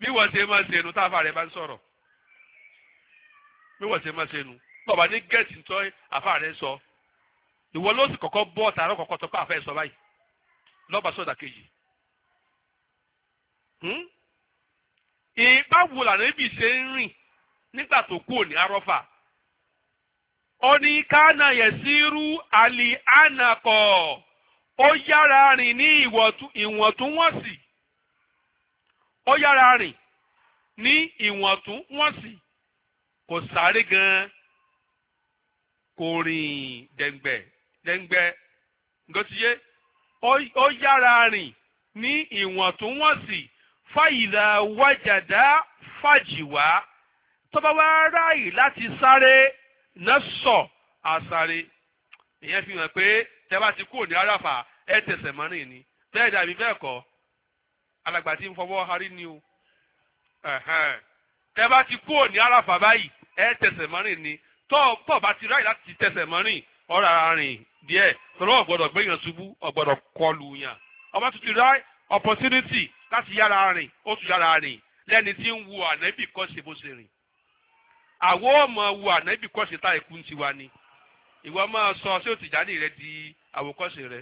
bí wọ́n ṣe máa ṣe nu táfà rẹ̀ bá ń sọ̀rọ̀ bí wọ́n ṣe máa ṣe nu bàbá ní gẹ̀ẹ́sì tó àfà rẹ̀ sọ ìwọ ló sì kọ́kọ́ bọ́ tààrọ̀ kọ́kọ́ tó pé àfà ẹ̀ sọ báyìí lọ́ba sọ̀dà kejì. Hmm? ìbáwo làná ibi ṣe ń rìn nígbà tó kú òní arọ́fà ó ní kánà yẹ̀sírú àlì ànàkọ̀ ó yára rìn ní ìwọ̀ntúnwọ̀nsì ó yára rìn ní ìwọ̀ntúnwọ̀nsì kò sáré gan-an kò rìn dẹ̀ngbẹ̀ dẹ̀ngbẹ̀ gòtìyé ó yára rìn ní ìwọ̀ntúnwọ̀nsì fàyìlà wájàdá fàjìwá tó bá wá ráàyè láti sáré náà sọ àsáré ìyẹn fi hàn pé tẹ́ bá ti kúrò ní àràfà ẹ tẹsẹ̀ mọ́rin ni bẹ́ẹ̀ dàbí bẹ́ẹ̀ kọ́ alàgbà tí ń fọwọ́ harí ni o tẹ bá ti kú òní àràfà báyìí ẹ tẹsẹ̀ mọ́rìn ni tọ́ pọ̀ bá ti ráyè láti tẹsẹ̀ mọ́rìn ọ̀rọ̀ ara rìn díẹ̀ tọ́lọ́ ọ̀gbọ́dọ̀ gbẹ̀yàn ṣubú ọ̀gbọ́dọ̀ kọlù yàn ọba tó rá opportunity láti yára rìn ó tún yára rìn lẹ́ni tí ń wu ànábì kọ́ ṣe bó ṣe rìn àwọn ọmọ wu ànábì kọ́ ṣe tá ikú ti wa ni ìwọ máa sọ ṣé o ti jáde rẹ di àwòkọ́ṣe rẹ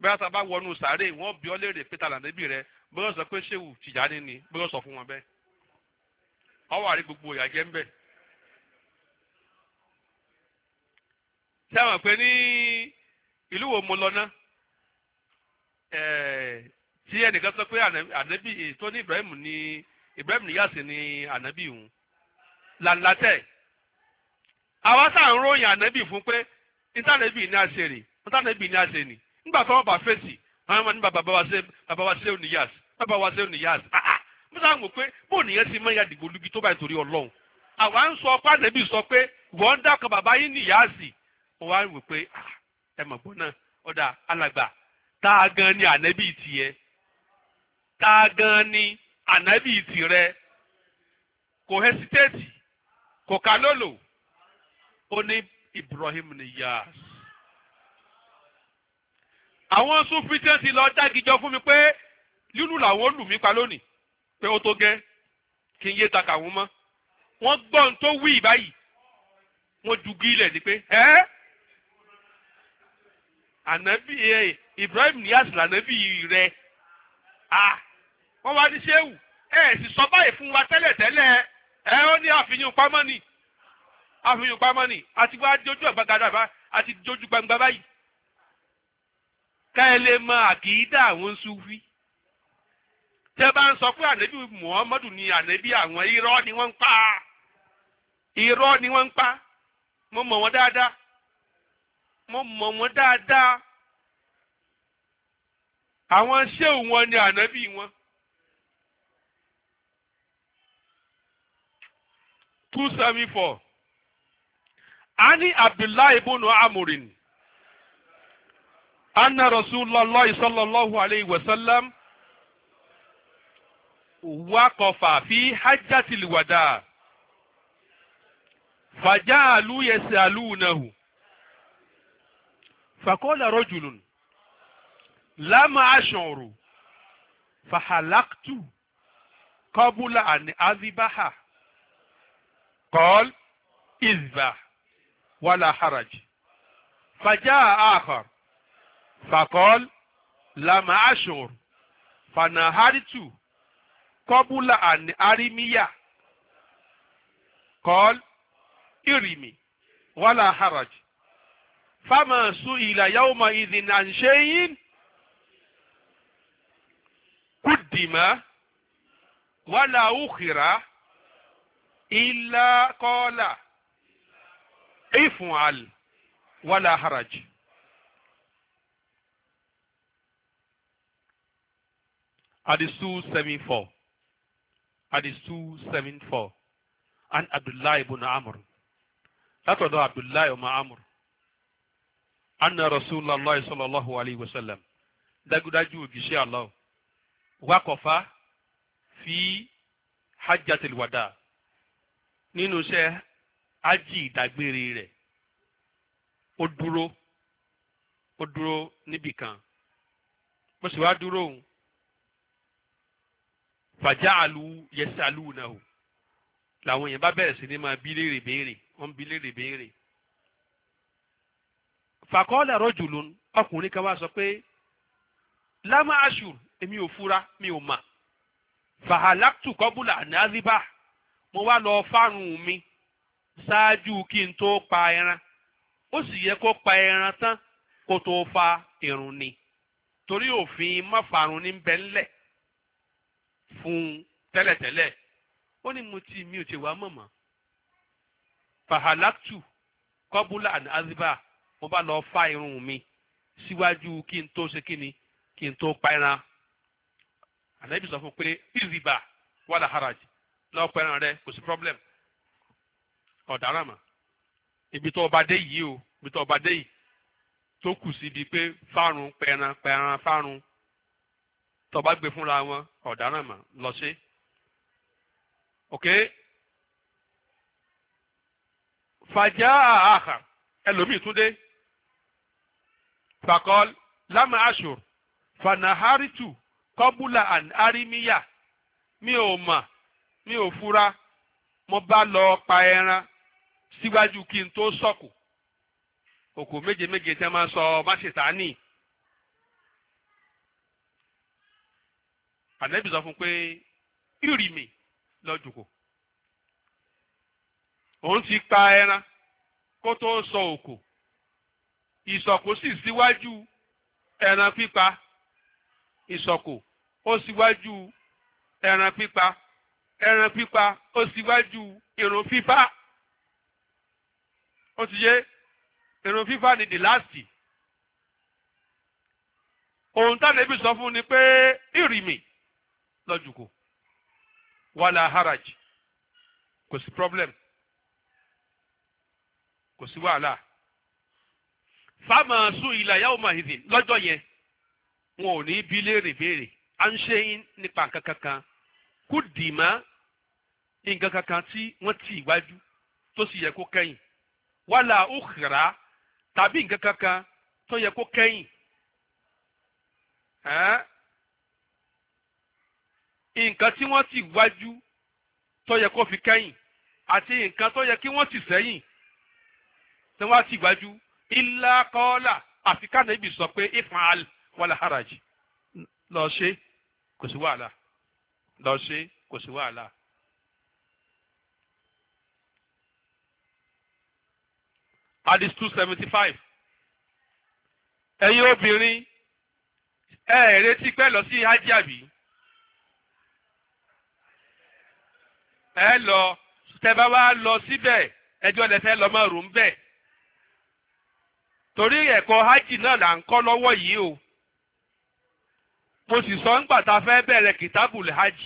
bẹ́ẹ̀ tá a bá wọnú sàárè wọ́n bí ọ léèrè pé ta lànàbì rẹ bọ́lá sọ pé ṣéwù tìjáde ni bọ́lá sọ fún wọn bẹ́ẹ̀ ọwọ́ àrí gbogbo ìyá jẹ́ ń bẹ̀. ṣé àwọn pé ní ìlú wo mo lọ ná tí ẹnìkan sọ pé ànábì tó ní Ibrahim ní Ibrahim níyàsí ní ànábì òun làǹlàtẹ̀ àwa sáà ń ròyìn ànábì fún pé ntànẹ́bì ní àṣẹ rè ntànẹ́bì ní àṣẹ nì nígbà tó wọn bá fèsì àwọn ọmọ ní bàbá wa ṣe bàbá wa ṣe òníyàsí bàbá wa sẹ́yìn nìyá àti ah ah musa ń wò pé bó nìyẹn ti mẹ́yà dìgbò lugi tó báyìí torí ọlọ́run àwa ń sọ ọpá àdẹ́bí sọ pé wọ́n ń dákọ̀ bàbá yín nìyá àsì wọ́n wá ń wò pé ah, ẹ mọ̀ gbọ́n náà ọ̀dà alàgbà tá a gan ni ànábì tiẹ̀ tá a gan ni ànábì tirẹ̀ kò hesitate kò ká lólò ó ní Ibrahim nìyá. àwọn sùn fi tẹ́sí lọ dágìjọ fún mi pé lílù làwọn lù mí pa lónìí pé ó tó gẹ́ kí n yé ta kàwọn mọ́ wọ́n gbọ́ ohun tó wí báyìí wọ́n ju gílẹ̀ ni pé ẹ́ ànábì ẹ Ibrahim Niass lànábì rẹ à wọ́n wá ní sẹ́wù ẹ sì sọ báyìí fún wa tẹ́lẹ̀tẹ́lẹ̀ ẹ ó ní àfihàn pamọ́ ni àfihàn pamọ́ ni àti wá dojú àgbàgàdà bá àti dojú gbangba báyìí ká ẹ lè mọ àkìdá àwọn sufi. tẹ́ bá ń sọ pé ànábì muhammadu ni ànábì àwọn irọ́ ni wọ́n ń pa irọ́ ni wọ́n ń pa mo mọ̀ wọ́n dáadáa mo mọ̀ wọ́n dáadáa àwọn ṣéwù wọn ni ànábì wọn. two seventy four ani abdullahi amurin anna rasulallah sallallahu alayhi wa wákọ̀fà fi hajjatil wada fàjáàlú yasalunahu faqala rajulun lam ash'uru fahalaqtu qabla an adhbaha qala idhbah wala haraj فجاء آخر فقال لم أشعر فنهرت kọ́búlà àní arímíyà kọ́l ìrìmì wàlà haraj fáma sùn ìlà yawma ìdìn à ń ṣe yín kùdìmá wàlà ukhira ìlà kọ́là ìfún àl wàlà haraj. Adisu 74 hadith two seven four an abdullahi ibn amr látọ̀dọ̀ abdullahi ọmọ amr anna rasulallah sallallahu alayhi wa sallam dagudaju ògìṣẹ́ allah wakọ̀fà fi hajjatil wada nínú iṣẹ́ ájì ìdágbére rẹ̀ ó dúró ó dúró níbìkan mo sì wá dúró òun fàjáàlú yẹsàlú náà o làwọn yẹn bá bẹ̀rẹ̀ sí ni máa bí léèrè béèrè wọ́n bí léèrè béèrè. fàkọ́ọ́lẹ̀ rọ́jùlún ọkùnrin kan wá sọ pé lámà àṣùr èmi ò fura mi ò mà fàhálàtù kọ́bùlà nàzíbà mo wá lọ fárùn mi ṣáájú kí n tó pa ẹran ó sì yẹ kó pa ẹran tán kó tó fa irun ni torí òfin má farun ní bẹ́ńlẹ̀ fún un tẹ́lẹ̀tẹ́lẹ̀ ó ní mo ti mi ò ti wá mọ̀mọ́ fahalaktu kọ́búlà and aziba mo bá lọ fa irun mi síwájú kí n tó ṣe kí ni kí n tó pẹ́ran ànábì sọ fún pé ìzìbà wàlà haraj lọ́ọ́ pẹ́ran rẹ kò sí problem ọ̀daràn mà ibi tó ọba dé yìí o ibi tó ọba dé yìí tó kù síbi pé fárun pẹ́ran pẹ́ran fárun tó bá gbé fúnra wọn ọ̀daràn mà lọ sí. ok fàjà àhà ẹlòmíì tún dé fàkọ́l lámà àṣùr fanaharitu kọ́búlà and arimiya mi ò mà mi ò fura mo bá lọ pa ẹran síwájú kí n tó sọ̀kù òkú méje méje tẹ́ máa sọ máṣetánì. So, ànábì sọ fún pé ìrì mi lọ jòkó òun ti pa ẹran kó tó sọ òkò ìsọ̀kò sì síwájú ẹran pípa ìsọ̀kò ó síwájú ẹran pípa ẹran pípa ó síwájú irun fífá ó ti yé irun fífá ni the last ohun táwọn ẹbí sọ fún ni pé ìrìmì lọ́jùkò wàhálà haraj kò sí problem kò sí wàhálà fáàmà sùn ìlà yàwó màhìdì lọ́jọ́ yẹn wọn ò ní bí léèrè béèrè à ń ṣe nípa nǹkan kankan kú dì má nǹkan kankan tí wọ́n ti ìwájú tó sì yẹ kó kẹ́yìn wàhálà ó xìrà tàbí nǹkan kankan tó yẹ kó kẹ́yìn nǹkan tí wọ́n ti wájú tó yẹ kó fi kẹ́yìn àti nǹkan tó yẹ kí wọ́n ti sẹ́yìn tí wọ́n ti wájú ilá kọ́ọ́là àfi kánẹ́bì sọ pé ifal wàlà haraji lọ ṣe kò sí wàhálà lọ ṣe kò sí wàhálà. Hadith two seventy five ẹ̀yin obìnrin ẹ̀ pẹ́ lọ sí hajj àbí. ẹ lọ tẹ bá wá lọ síbẹ̀ ẹjọ́ lẹ fẹ́ lọ mọ́rù ń bẹ̀. torí ẹ̀kọ́ hajj náà là ń kọ́ lọ́wọ́ yìí o mo sì sọ ńgbà tá a fẹ́ bẹ̀rẹ̀ kìtàbùl hajj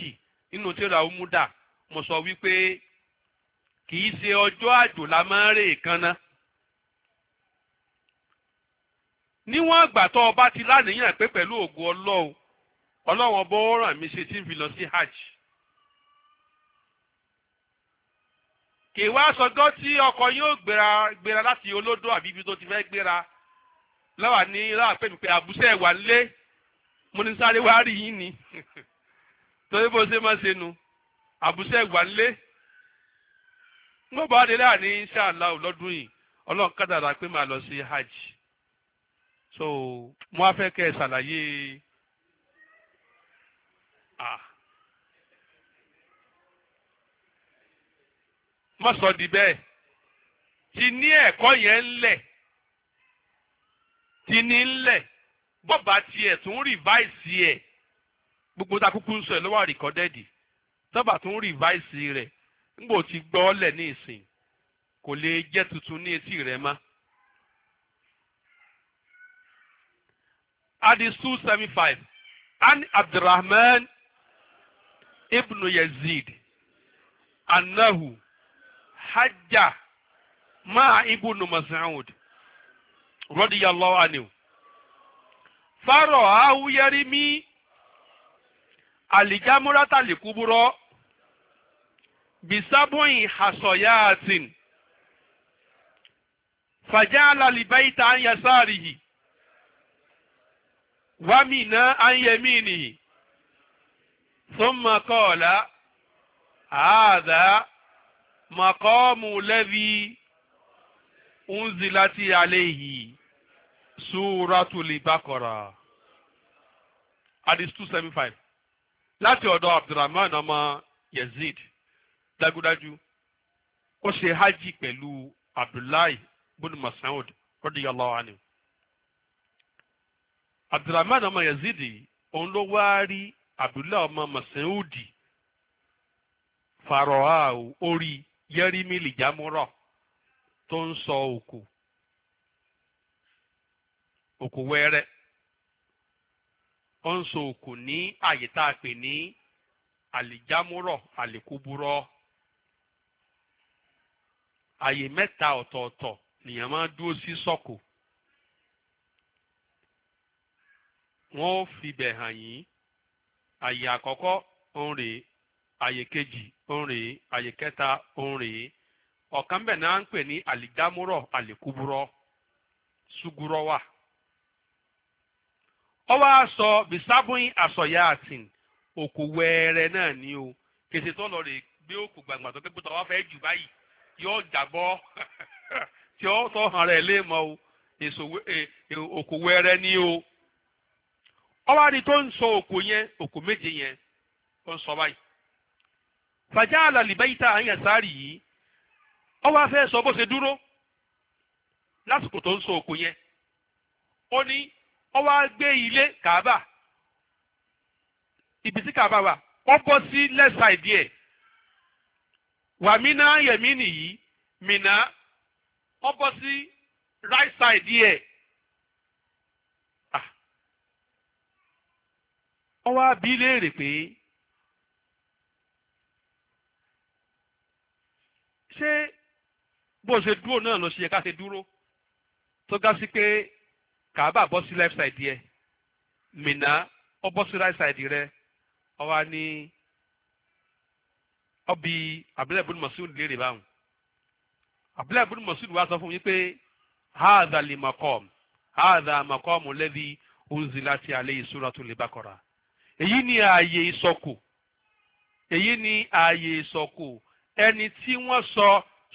nínú tírà dà, mo sọ wípé kì í ṣe ọjọ́ àjò la máa ń rè kanna. níwọ̀n àgbà tó o bá ti lánìyàn pé pẹ̀lú ògùn ọlọ́run ọlọ́run ọbọ̀ ràn mí ṣe tí ń fi lọ sí hajj. kì í wá sọjọ́ tí ọkọ̀ yóò gbéra gbéra láti olódó àbí ibi tó ti fẹ́ gbéra láwa ní láàpẹ́ mi pé àbúṣẹ́ wà lé mo ní sáré wá rí yín ni torí bó ṣe máa ṣe nu àbúṣẹ́ wà lé ń gbọ́ bá délé àní inshallah yìí ọlọ́run kádàrà pé màá lọ sí hajj so mo á fẹ́ kẹ́ ẹ ṣàlàyé má sọ di bẹ́ẹ̀ ti ní ẹ̀kọ́ yẹn ńlẹ̀ ti ní ńlẹ̀ bọ́ọ̀bà tiẹ̀ tún rìváìsì ẹ̀ gbogbo takúkú ń sọ ẹ̀ lọ́wọ́ àríkọ́dẹ́ẹ̀dì tọ́ba tún rìváìsì rẹ̀ ńgbò ti gbọ́ ọ́lẹ̀ ní ìsìn kò lè jẹ́ tuntun ní etí rẹ̀ mọ́. Hadis 275 An Abdurrahman ibn Yazid Annahu hajja máa ibùnú Mas'ud radiyallahu anhu fárọ̀ ahúyẹ́rí mi àlìjámúrátà lìkúburọ́ bisabuin hasoyatin fàjáàlà lìbáyìtà an yasarihi wàmìnà an yaminihi thumma qala hadha màkọ́ọ̀mù lẹ́bi unzilati alayhi suratul Baqara hadith two seventy five láti ọ̀dọ̀ abdulrahman ọmọ yazid dájúdájú ó ṣe hajj pẹ̀lú abdullahi bin masoud radiyallahu anhu abdulrahman ọmọ yazid òun ló wá rí abdullahi ọmọ masoud farao orí yẹrìmí lìjámúrọ̀ tó ń sọ òkú òkú wẹ́rẹ́ ó ń sọ òkú ní àyè pè ní àlìjámúrọ̀ àlìkúburọ̀ àyè mẹ́ta ọ̀tọ̀ọ̀tọ̀ nìyẹn fi bẹ̀ hàn yín àyè àkọ́kọ́ ń rèé àyè kejì òǹrè àyè kẹta òǹrè ọ̀kan bẹ̀ náà ń pè ní àlìdámúrọ̀ àlìkúburọ̀ ṣùgùrọ̀ wà. wá sọ òkú ni o kèsì tó lọ rè gbé òkú gbàgbà tó pépé tó wá fẹ́ jù báyìí yóò jàbọ́ tí ó tọ́ hàn rẹ̀ o èso e, e, òkú ni o. ọ wá tó ń sọ òkú yẹn òkú méje yẹn ó ń sọ fàjá àlàlìbáyìtà àyàn sáárì yìí ó wa fẹ́ sọ bó ṣe dúró lásìkò tó ń so òkú yẹn ó ní ó wa gbé ilé ibi tí kaaba wa ó bọ́ sí left side ẹ̀ wàmínà yẹ̀mí nìyí mìnà ó bọ́ sí right side ẹ̀. Ah. ó wa bi léèrè pé ṣé bó ṣe dúró náà ló ṣe yẹ ká ṣe dúró tó ga sí pé kàábà bọ́ sí left side yẹ mìnà ọ bọ́ sí right side rẹ ọ wá ní ọbí abdulayi bin masud léèrè báwọn abdulayi bin masud wá sọ fún yín pé haza li makom haza makom lẹ́bi unzilati alayhi suratul Baqara èyí ni ààyè ìsọkù èyí ni ààyè ìsọkù ẹni tí wọ́n sọ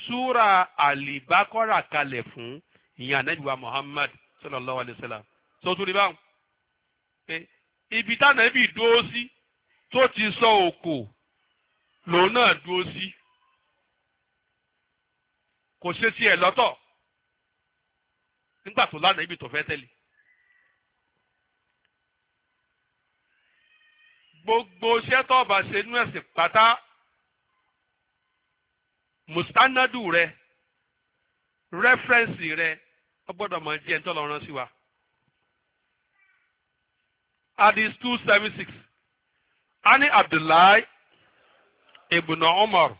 súra àlìbákọ́rà kalẹ̀ fún ìyẹn ànábìwá Muhammad sallallahu alayhi wa sallam tó tún ní báwọn. ibi táwọn ẹbí dúró sí tó ti sọ òkò lòun náà dúró sí kò ṣe tiẹ̀ lọ́tọ̀ nígbà tó lánàá ibi tó fẹ́ tẹ̀lé. gbogbo iṣẹ́ tó ṣe nú ẹ̀sìn pátá mustanadu rẹ rẹ́fẹ́rẹ́nsì rẹ ó gbọ́dọ̀ mọ̀ jẹ́ ẹni tó lọ rán sí wa. Hadith two seven six ani Abdullahi ibn Umar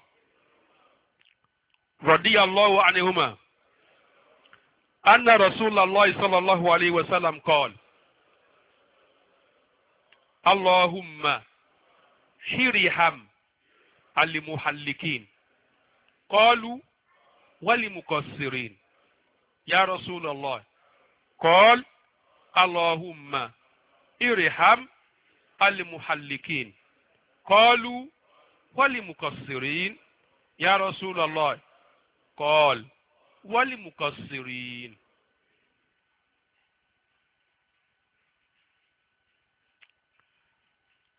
radiyallahu anihuma anna rasulallah sallallahu alayhi wa sallam qala allahumma hiriham alimuhallikin Call, Wali m Ya Rasul Allah, call Allahumma, Iriham Almuhallikin, Call, Wali m Kossirin, Ya Rasul Allah, call, Wali m Kossirin,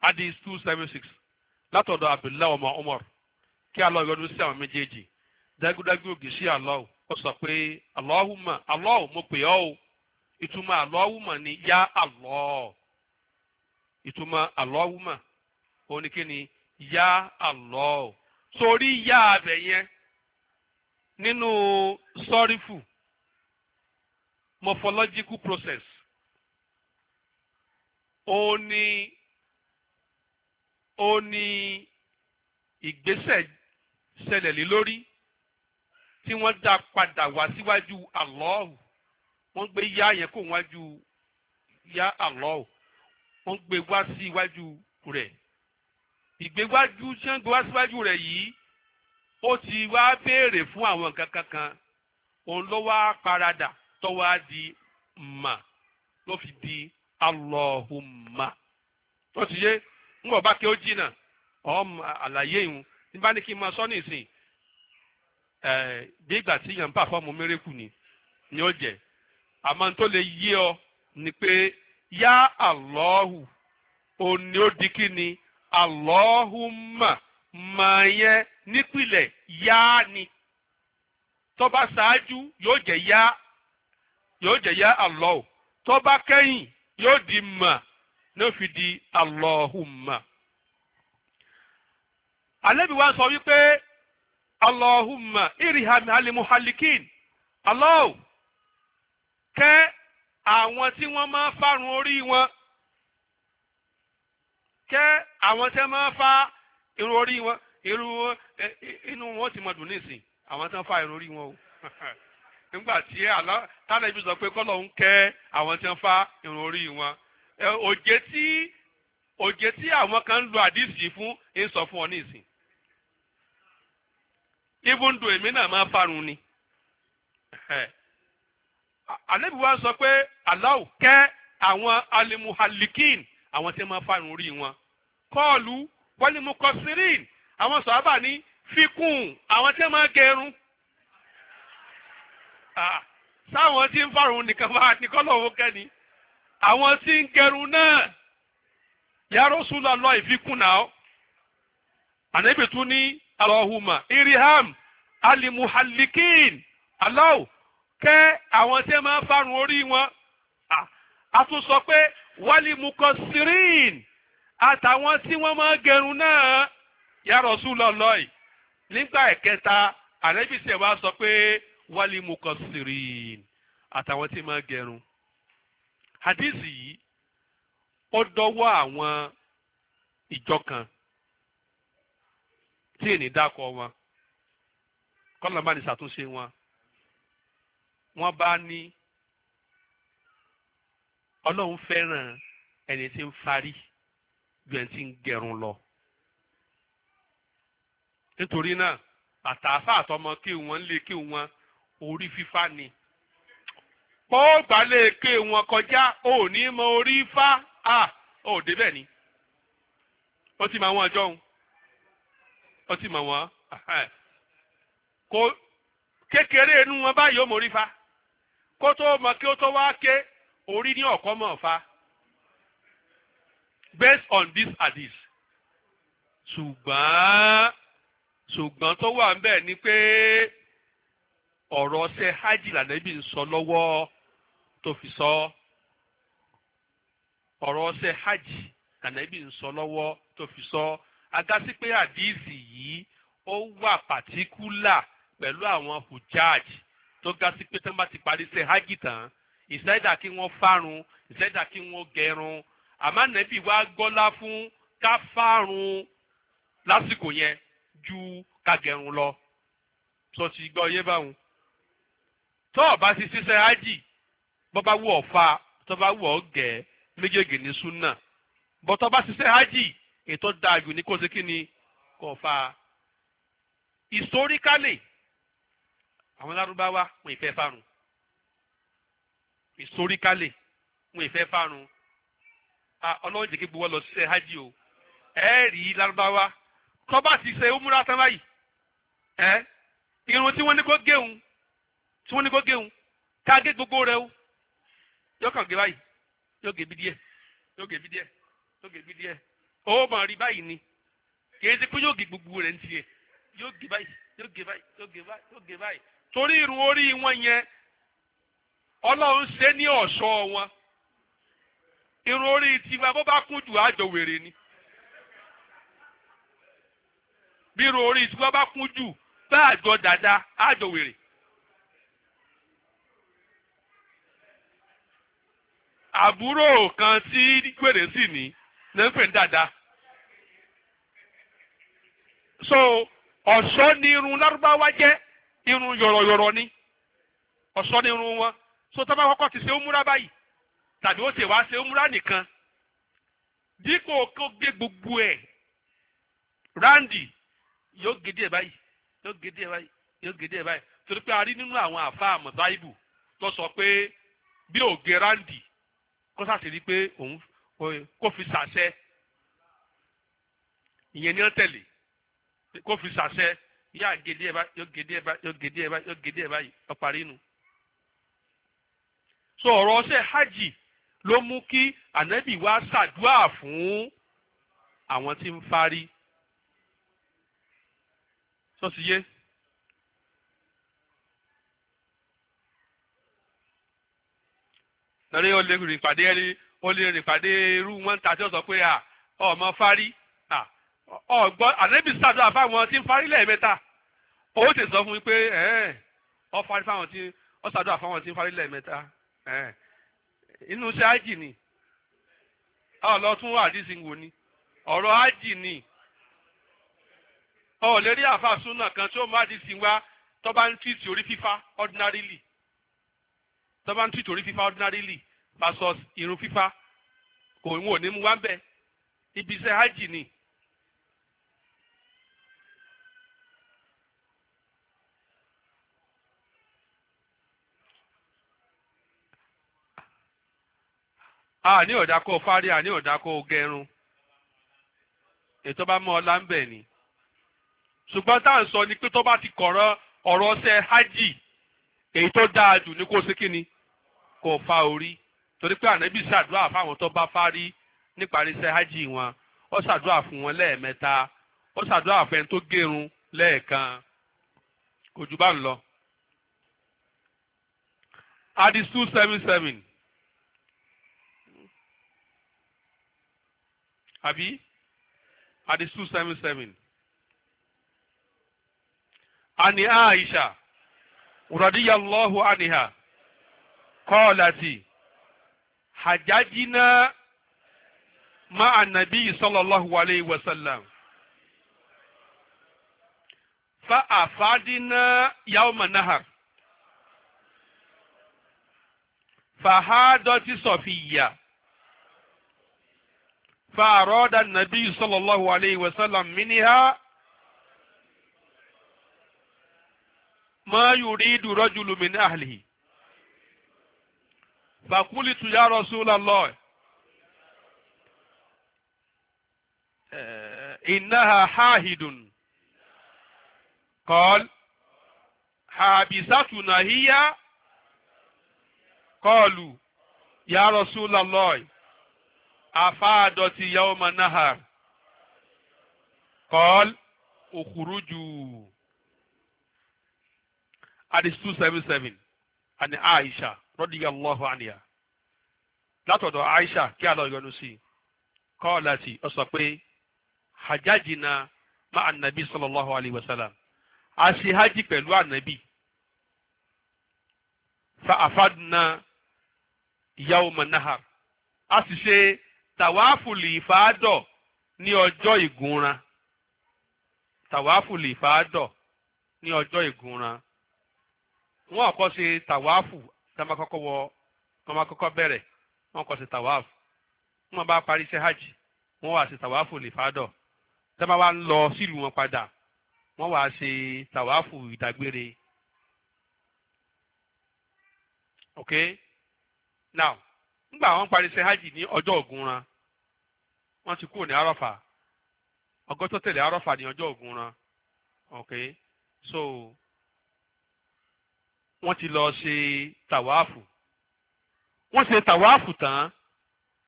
276, latụl n'April n'awọn Umaru. kí Allah yọ́nú sí àwọn méjèèjì dágúdágú ògì sí ó sọ pé mo pè ọ́ o ìtumọ̀ ni yá ìtumọ̀ ni yá sórí yá abẹ yẹn nínú sọ́rífù morphological process ṣẹlẹ̀ lé lórí tí wọ́n dá padà wá síwájú Allah wọ́n gbé yá yẹn kó wájú yá Allah wọ́n gbé wá síwájú rẹ̀ ìgbéwájú tí wọ́n gbé wá síwájú rẹ̀ yìí ó ti wá béèrè fún àwọn nǹkan kankan òun ló wá paradà tó wá di mà ló fi di Allahumma tó ti yé ń bọ̀ bá kí ó jìnnà ọ̀hún àlàyé ìhun tí bá ní kí n máa sọ nísìn bí ìgbà tí yàn ń bà mérekù ni ni ó jẹ́ àmọ́ tó lè ọ ni pé yá àlọ́hù òun ni ó di kí ni àlọ́hùmà màá yẹn nípìnlẹ̀ yá ni tó ṣáájú yóò o yá yóò jẹ́ yá àlọ́hù tó bá yóò di mà ní ó fi di àlẹ́bí wa sọ wípé allahumma irihami alimuhalikin allah kẹ́ àwọn tí wọ́n máa fárun orí wọn kẹ́ àwọn tí wọ́n máa fa irun orí wọn irun inú wọn ti mọ dùn nísìn àwọn tí wọ́n fa irun orí wọn o nígbà tí sọ pé kọ́lọ̀ ń kẹ́ àwọn tí wọ́n fa irun orí wọn òjé tí òjé tí àwọn kan ń lo àdìsí fún ń sọ fún ọ nísìn even though èmi náà máa parun ni ànábì wa sọ pé aláwò kẹ́ àwọn alimuhalikin àwọn tí máa parun rí wọn kọ́ọ̀lù wọlimukọsirin àwọn sọ̀rọ̀bà ní fikùn àwọn tí máa gẹrun ah, sáwọn tí ń parun nìkan máa nìkan lọ́wọ́ kẹ́ni àwọn tí ń gẹrun náà ya Rasulullah ìfikùn náà ànábì tún ní. àlọ́hùmà iriham alimuhalikin aláwò kẹ́ àwọn tí wọ́n máa fárun orí wọn a tún sọ pé walimukosirin àtàwọn tí wọ́n máa gẹrun náà ya Rasulullah nígbà ẹ̀kẹta àrẹ́bìsẹ̀ wa sọ pé walimukosirin àtàwọn tí máa gẹrun hadisi yìí ó dọwọ́ àwọn ìjọ kan tí ènì dákọ̀ wọn kọ́nà bá ní ṣàtúnṣe wọn wọ́n bá ní ọlọ́run fẹ́ràn ẹni tí ń farí ju ẹni tí ń gẹrun lọ nítorí náà àtàfà àtọmọ kí wọn lè kí wọn orí fífá ni ó gbalẹ̀ èké wọn kọjá ò ní mọ orí fá à ò débẹ̀ ni ó ti máa wọn ọjọ́ ó ti mọ̀ wọ́n kò kékeré inú wọn báyìí ó mórí fa kó tó mọ̀ kí ó tó wá ké orí ní ọ̀kọ́ mọ̀ fa based on this hadith ṣùgbọ́n ṣùgbọ́n tó wà ń bẹ̀ ni pé ọ̀rọ̀ ṣe hajj lànàbí ń sọ lọ́wọ́ tó fi sọ ọ̀rọ̀ ṣe hajj lànàbí ń sọ lọ́wọ́ tó fi sọ. So agásí pé àdíìsì yìí ó wà pàtíkúlà pẹ̀lú àwọn hujaj tó gásí pé tán bá ti parí sí hajj tán ìṣẹ́dá kí wọ́n fárun ìṣẹ́dá kí wọ́n gẹrun àmọ́ nẹ́bí wa gbọ́lá fún ká fárun lásìkò yẹn ju ká gẹrun lọ sọ ti gbọ́ yé báwọn tó o bá ti ṣiṣẹ́ hajj bó bá wù ọ́ fa wù ọ́ méjèèjì ní súnà bó ṣiṣẹ́ hajj ètò dájú ní kó ṣe kí ni kò fa historically àwọn lárúbáwá wọn ìfẹ́ fárun historically wọn ìfẹ́ fárun ọlọ́run jẹ́ kí gbowó lọ sí hajj o ẹ rí lárúbáwá tó bá ti ṣe umura tán báyìí ẹ irun tí wọ́n ní kó géun tí wọ́n ní kó géun ká gé gbogbo rẹ o yóò kàn gé báyìí yóò gé bí díẹ̀ yóò gé bí díẹ̀ yóò gé bí díẹ̀. ó máa rí báyìí ni kìí ṣe pé yóò gé gbogbo rẹ̀ ń tiẹ̀ yóò gé báyìí yóò gé báyìí yóò gé báyìí yóò gé báyìí torí irun orí wọn yẹn ọlọ́run ṣe ní ọ̀ṣọ́ wọn irun orí tiwa bó bá kún jù àjọ wèrè ni bí irun orí tiwa bá kún jù bá àjọ dada àjọ wèrè. àbúrò kan tí gbèrè sì ní. lè ń pè ní so ọ̀ṣọ́ ni irun lárúbáwá jẹ́ irun yọ̀rọ̀yọ̀rọ̀ ni ọ̀ṣọ́ ni irun wọn so tó bá kọ́kọ́ ti ṣe ómúra báyìí tàbí ó ti wá ṣe ómúra nìkan dípò kó gé gbogbo ẹ̀ ráǹdì yóò gé díẹ̀ báyìí yóò gé díẹ̀ báyìí yóò gé díẹ̀ báyìí torí pé a rí nínú àwọn àfáà báíbù tó sọ pé bí ògè ráǹdì kó sàṣírí pé òun kó fi sàṣẹ ìyẹn ni ó tẹ̀lé kó fi sàṣẹ yá gèdè ẹ̀ bá yóò gèdè ẹ̀ bá yóò gèdè ẹ̀ bá yóò gèdè ẹ̀ báyìí ọ̀parí nu. sọ ọ̀rọ̀ ọṣẹ́ hajj ló mú kí ànábì wá ṣàdúà fún àwọn tí ń fárí. sọ sí yé. lórí olè pàdé ẹni o lè rìn pàdé irú wọn ta tí ó sọ pé à ọmọ fárí ọgbọ́n ànábì sàdúrà fáwọn tí ń fárí lẹ́ẹ̀mẹ́ta ó sì sọ fún mi pé ọ fárí fáwọn tí ọ sàdúrà fáwọn tí ń fárí lẹ́ẹ̀mẹ́ta inú iṣẹ́ ájì ni ọlọ́tún àdìsí wò ni ọ̀rọ̀ ájì ni ọ lè rí àfàsúnà kan tí ó má àdìsí wá tó bá ń tìtì orí fífá ordinarily tó bá ń tìtì orí fífá ordinarily versus irun fífá kò ń wò ní mú wá bẹ́ẹ̀ ibi iṣẹ́ hajj ni. àní ọ̀dà kó fárí àní ọ̀dà kó gẹrun ètò bá mọ ọlá ń bẹ̀ ni ṣùgbọ́n tá à ń sọ ni pé tó bá ti kọ̀rọ̀ ọ̀rọ̀ ṣe hajj èyí tó dáa jù ní kó ṣe kí ni kó fa orí. torí pé ànábì ṣàdúrà fáwọn tó bá fárí níparí iṣẹ́ hajj wọn ó ṣàdúrà fún wọn lẹ́ẹ̀mẹ́ta ó ṣàdúrà fún ẹni tó gérun lẹ́ẹ̀kan kò jù bá ń lọ. Addis two seven seven àbí Addis two seven seven. عن عائشة رضي الله عنها قالت hajjajina ma'a nabi sallallahu alayhi wa sallam fa afadina yawma nahar fahadati sofiya فأراد النبي صلى الله عليه وسلم منها ما يريد رجل من أهله fàkúlìtù ya Rasulallah eh, innaha hahidun qal habisatuna hiya qalu ya Rasulallah afadati yawma nahar qal ukhruju hadith 277 and Aisha radiyallahu anha látọ̀dọ̀ Aisha kí alọ́ yọ́nú sí i kọ́ọ̀láti ó sọ pé hajjajina ma anabi sallallahu alayhi wa sallam a ṣe hajj pẹ̀lú anabi fa na yawma nahar a sì ṣe tàwáfùlì ìfàádọ̀ ní ọjọ́ ìgúnra tàwáfùlì ìfàádọ̀ ní ọjọ́ ìgúnra wọ́n kọ́ ṣe tama bá kọ́kọ́ wọ wọ́n bá kọ́kọ́ bẹ̀rẹ̀ wọ́n kọ́ sí bá parí iṣẹ́ hajj wọ́n wá wá ń lọ wọn padà wọ́n wá sí tàwáàfù ìdágbére. ok now ngba wọ́n parí ní wọ́n ti lọ ṣe tàwáàfù wọ́n ṣe tàwáàfù tán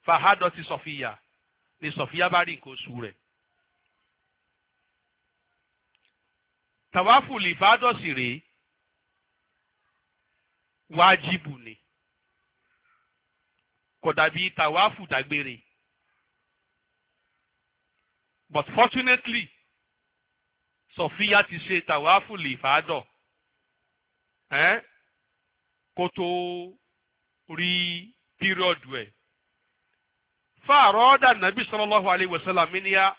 fàhádọ́ ti sọ̀fìyà ni sọ̀fìyà bá rí nǹkan oṣù rẹ̀. tàwáàfù lè fàádọ́ sì rèé wájibù ni kò dàbí tàwáàfù dágbére but fortunately sọ̀fìyà ti ṣe tàwáàfù lè fàádọ́. koto ri period e. far order nabi sallallahu alaihi wasallam ni ya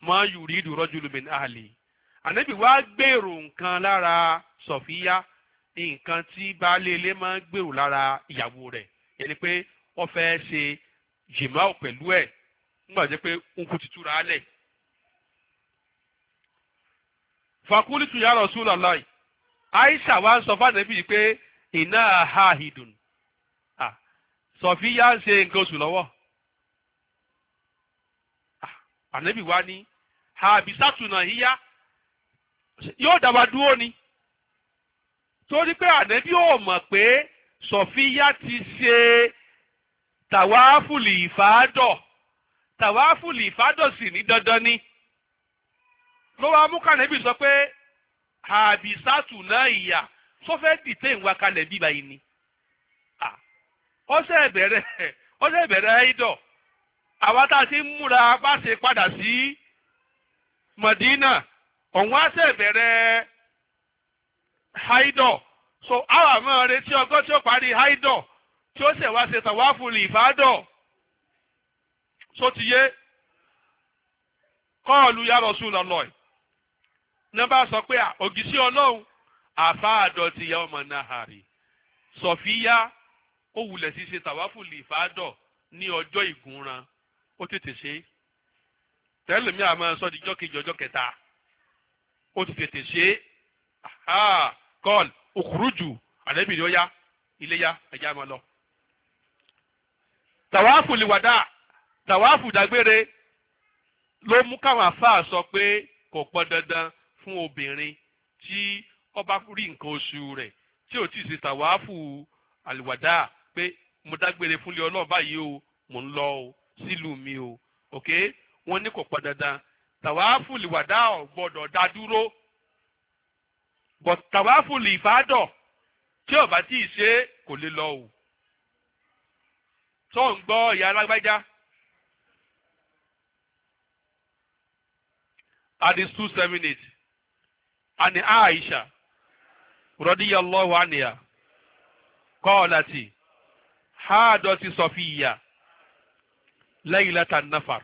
ma yuridu rajul min ahli anabi wa gberu nkan lara sofia nkan ti ba lele ma gberu lara iyawo re yani pe o fe se jima o pelu e ngba je pe o ku titura ale fakulitu ya rasulallah aisha wa ń sọ fànẹ́bí pé iná ahahidun sọfíyà ń ṣe nǹkan oṣù lọ́wọ́ ànẹ́bí wa ní àbísàtúnà yíyá yóò dá wa dúró ni torí pé ànẹ́bí ò mọ̀ pé sọfíyà ti ṣe tàwáfùlì ìfàádọ̀ tàwáfùlì ìfàádọ̀ sì ní dandan ni ló wá mú kànẹ́bí sọ pé àbísàtù náà na sọfẹ́ dìtẹ́ ìwà kalẹ̀ bíbá yìí ni ọsẹ ìbẹ̀rẹ̀ ọsẹ ìbẹ̀rẹ̀ ẹ̀dọ̀ àwa tá a ti ń múra bá ṣe padà sí Mọ̀dínà ọ̀hún ọsẹ ìbẹ̀rẹ̀ haidọ̀ so àwọn àmọ́ retí ọgọ́ tí ó parí haidọ̀ tí ó sì wá ṣe tàwáfù ìfádọ̀ so ti yé kọ́ọ̀lù ya Rasulullah nọ́mbà sọ pé ògìsí ọlọ́run àfa àdọ̀tì ìyá ọmọ náà hàrì sọ̀fíyá ó wulẹ̀ sí ṣe tàwáfù lìfàdọ̀ ní ọjọ́ ìgúnran ó tètè ṣe tẹ́lẹ̀ mi àmọ́ sọ́ dijọ́ kejì ọjọ́ kẹta ó ti tètè ṣe kọ́ọ̀lù òkúrújù àlẹ́bí ni ó yá ẹ̀já máa lọ. tàwáfù lìwàdà tàwáfù dágbére ló mú káwọn àfáà sọ pé kò pọn dandan fún obìnrin tí ó bá rí nǹkan oṣù rẹ̀ tí ò tíì ṣe tàwáàfù àlùwàdà pé mo dágbére fúnlé ọlọ́ọ̀ báyìí o mò ń lọ o sílùú mi o òkè wọn ní kò pa dandan tàwáàfù àlùwàdà ò gbọ́dọ̀ dá dúró bọ̀ tàwáàfù ìfádọ̀ tí ó bá tíì ṣe kò lè lọ o tó ń gbọ́ ìyá alágbájá. at the two seven eight عن عائشة رضي الله عنها قالت حادث صفية ليلة النفر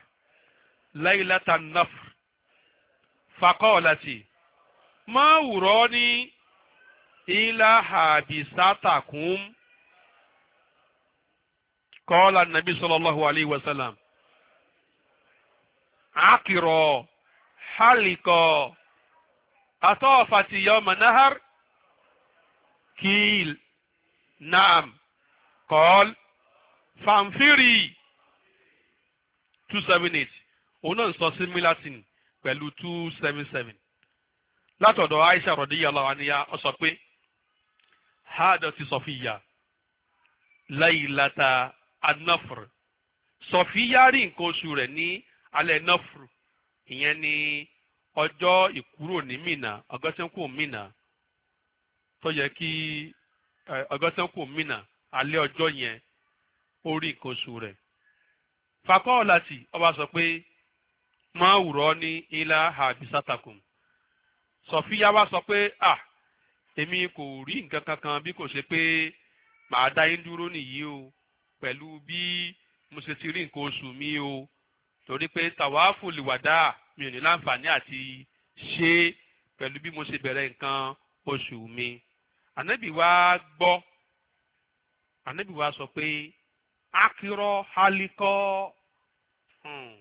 ليلة النفر فقالت ما وراني إلى حابساتكم قال النبي صلى الله عليه وسلم عقر حلق أطافت يوم نهر كيل نعم قال فانفري 278 òun náà ń sọ similatin pẹ̀lú 277 látọ̀dọ̀ Aisha radiyallahu anha ó sọ pé hadati Sofiya laylata anafr Sofiya rí nǹkan oṣù rẹ̀ ní alẹ́ nafr ìyẹn ní ọjọ́ ìkúrò ní mina ọgọ́sẹ́kù mina tó yẹ kí ọgọ́sẹ́kù mìnà alẹ́ ọjọ́ yẹn ó rí nǹkan oṣù rẹ̀. fakọ́ọ̀làtì ọba sọ pé máa wùrọ̀ ní ilá àbísàtàkùn sọfíyà wa sọ pé à èmi kò rí nǹkan kankan bí kò ṣe pé màá dá yín dúró nìyí o pẹ̀lú bí mo ṣe ti rí nǹkan oṣù mi o torí pé tàwáfù lìwàdà mi ò ní láǹfààní àti ṣe pẹ̀lú bí mo ṣe bẹ̀rẹ̀ nǹkan oṣù mi ànábì wa gbọ́ ànábì wa sọ pé akírọ́ halikọ́. Hmm.